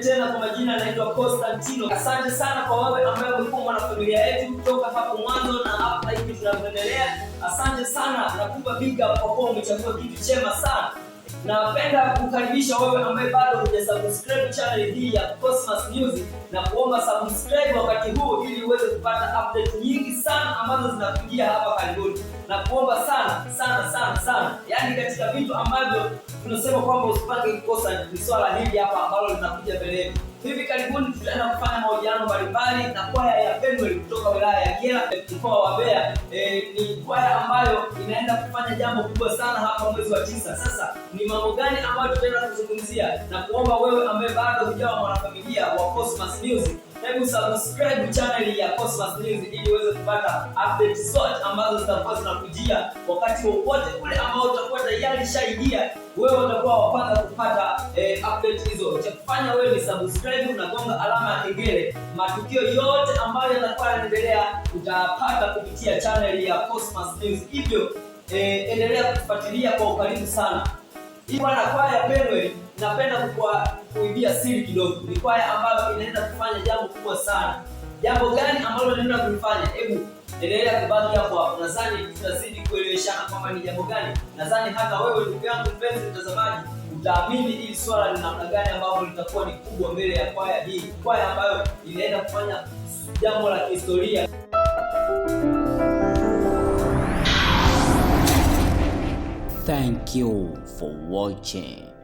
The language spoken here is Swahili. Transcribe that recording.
tena kwa majina anaitwa Constantino. Asante sana kwa wewe ambaye ulikuwa mwanafamilia yetu kutoka hapo mwanzo na hapa hivi tunavyoendelea. Asante sana, nakupa big up kwa kuwa umechagua kitu chema sana. Napenda kukaribisha wewe ambaye bado hujasubscribe channel hii ya Cosmas Music na kuomba subscribe wakati huu ili uweze kupata update nyingi sana ambazo zinakujia hapa karibuni, na kuomba sana sana sana sana, yaani katika vitu ambavyo tunasema kwamba usipange kukosa, ni swala hili hapa ambalo linakuja mbele yetu. Hivi karibuni tutaenda kufanya mahojiano mbalimbali na kwaya ya Penwell kutoka wilaya ya Kyela mkoa wa Mbeya. E, ni kwaya ambayo inaenda kufanya jambo kubwa sana hapa mwezi wa tisa. Sasa ni mambo gani ambayo tutaenda kuzungumzia na kuomba wewe ambaye bado hujawa mwanafamilia wa Cosmas News Hebu subscribe channel ya Cosmas News ili uweze kupata update zote ambazo zitakuwa zinakujia wakati wowote ule ambao utakuwa tayari shaidia, wewe utakuwa kwanza kupata update hizo. Cha kufanya wewe ni subscribe na gonga alama ya kengele. Matukio yote ambayo yanakuwa yanaendelea utapata kupitia channel ya Cosmas News. Hivyo eh, endelea kufuatilia kwa ukaribu sana. Hii bwana kwaya Penwe, napenda kukua kuibia siri kidogo. Ni kwaya ambayo inaenda kufanya jambo kubwa sana. Jambo gani ambalo ninaenda kulifanya? Hebu endelea kubaki hapo hapo. Nadhani tunazidi kueleweshana kwamba ni jambo gani. Nadhani hata wewe ndugu yangu mpenzi mtazamaji mtaamini hili swala ni namna gani ambavyo litakuwa ni kubwa mbele ya kwaya hii, kwaya ambayo inaenda kufanya jambo la kihistoria. Thank you for watching.